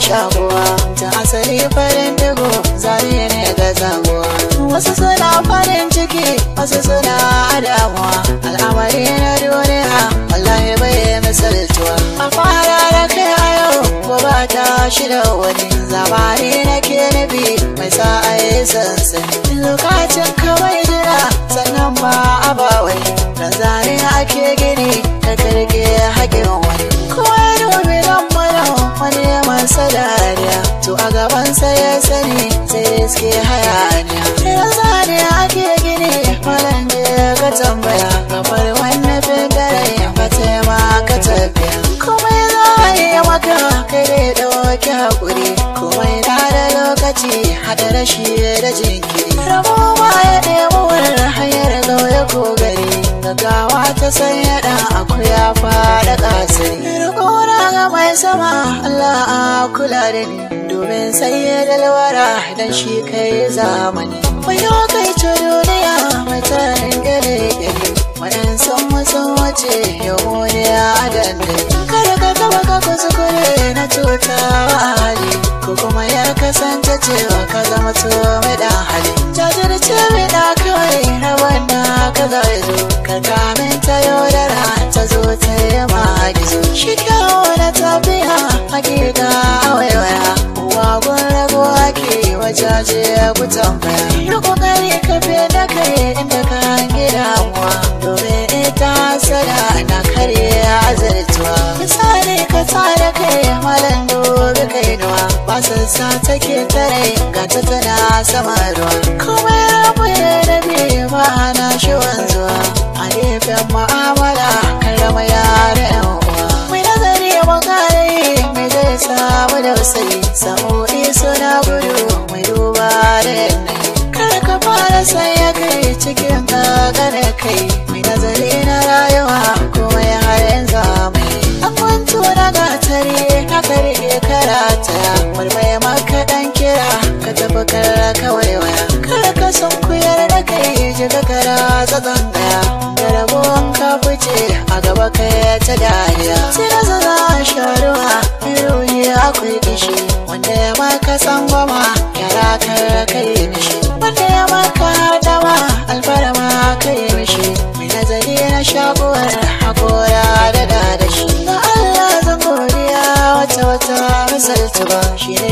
shaguwa ta asali farin digo zari ne ga zaguwa wasu suna farin ciki wasu suna damuwa al'amari na duniya wallahi bai misaltuwa a fara da kai a yau gobe ta shi da wani zamani na ke nufi mai sa'a yi sansani lokacin to a gaban sa ya sani sai suke hayaniya ya ke ake gini da ya ka tambaya kamar wannan fitare ya fata ma ka tafiya komai za a yi maka kai dai ɗauki haƙuri komai na da lokaci hada rashi da jinkiri rabo ba ya ɗebo wannan hanyar gauye ko gari gaggawa ta sanya da akuya fara ƙasa sama Allah a kula da ni domin sai da dalwara dan shi kai zamani wayo kai ce duniya mai tarin gare gare wadan san musun wace yau ne a dandali kada ka taba ka kuskure na cuta wa hali ko kuma ya kasance cewa ka zama tuwa mai dan hali na waiwaya wagon rago ake wajaje ya ku tambaya yi kokari ka fi da kai inda ka hangi damuwa domin ita sada na karya azartuwa misali ka tsara kai malam dubi kai nuwa wasan sa take tare ga ta sama ruwa kuma ya rabu ya rabe ma'ana shi wanzuwa a gefen ma'a samu da wasai sa'o'i suna gudu mai duba da yanayi kar ka fara sai ya kai cikin gane kai mai nazari na rayuwa kuma ya harin zamani akwanto na gatari na karye karata mulmai maka dan kira ka tafi kara kawai waya kar ka san kuyar da kai jiga kara zazangaya da rabon ka fice a gaba kai ta dariya sai na zara sharuwa dishi wanda ya baka sangwama yara ka kai mishi wanda ya baka dama alfarma kai mishi mai nazari na shaguwar hakora da shi na Allah zan godiya wata wata misalta ba shi ne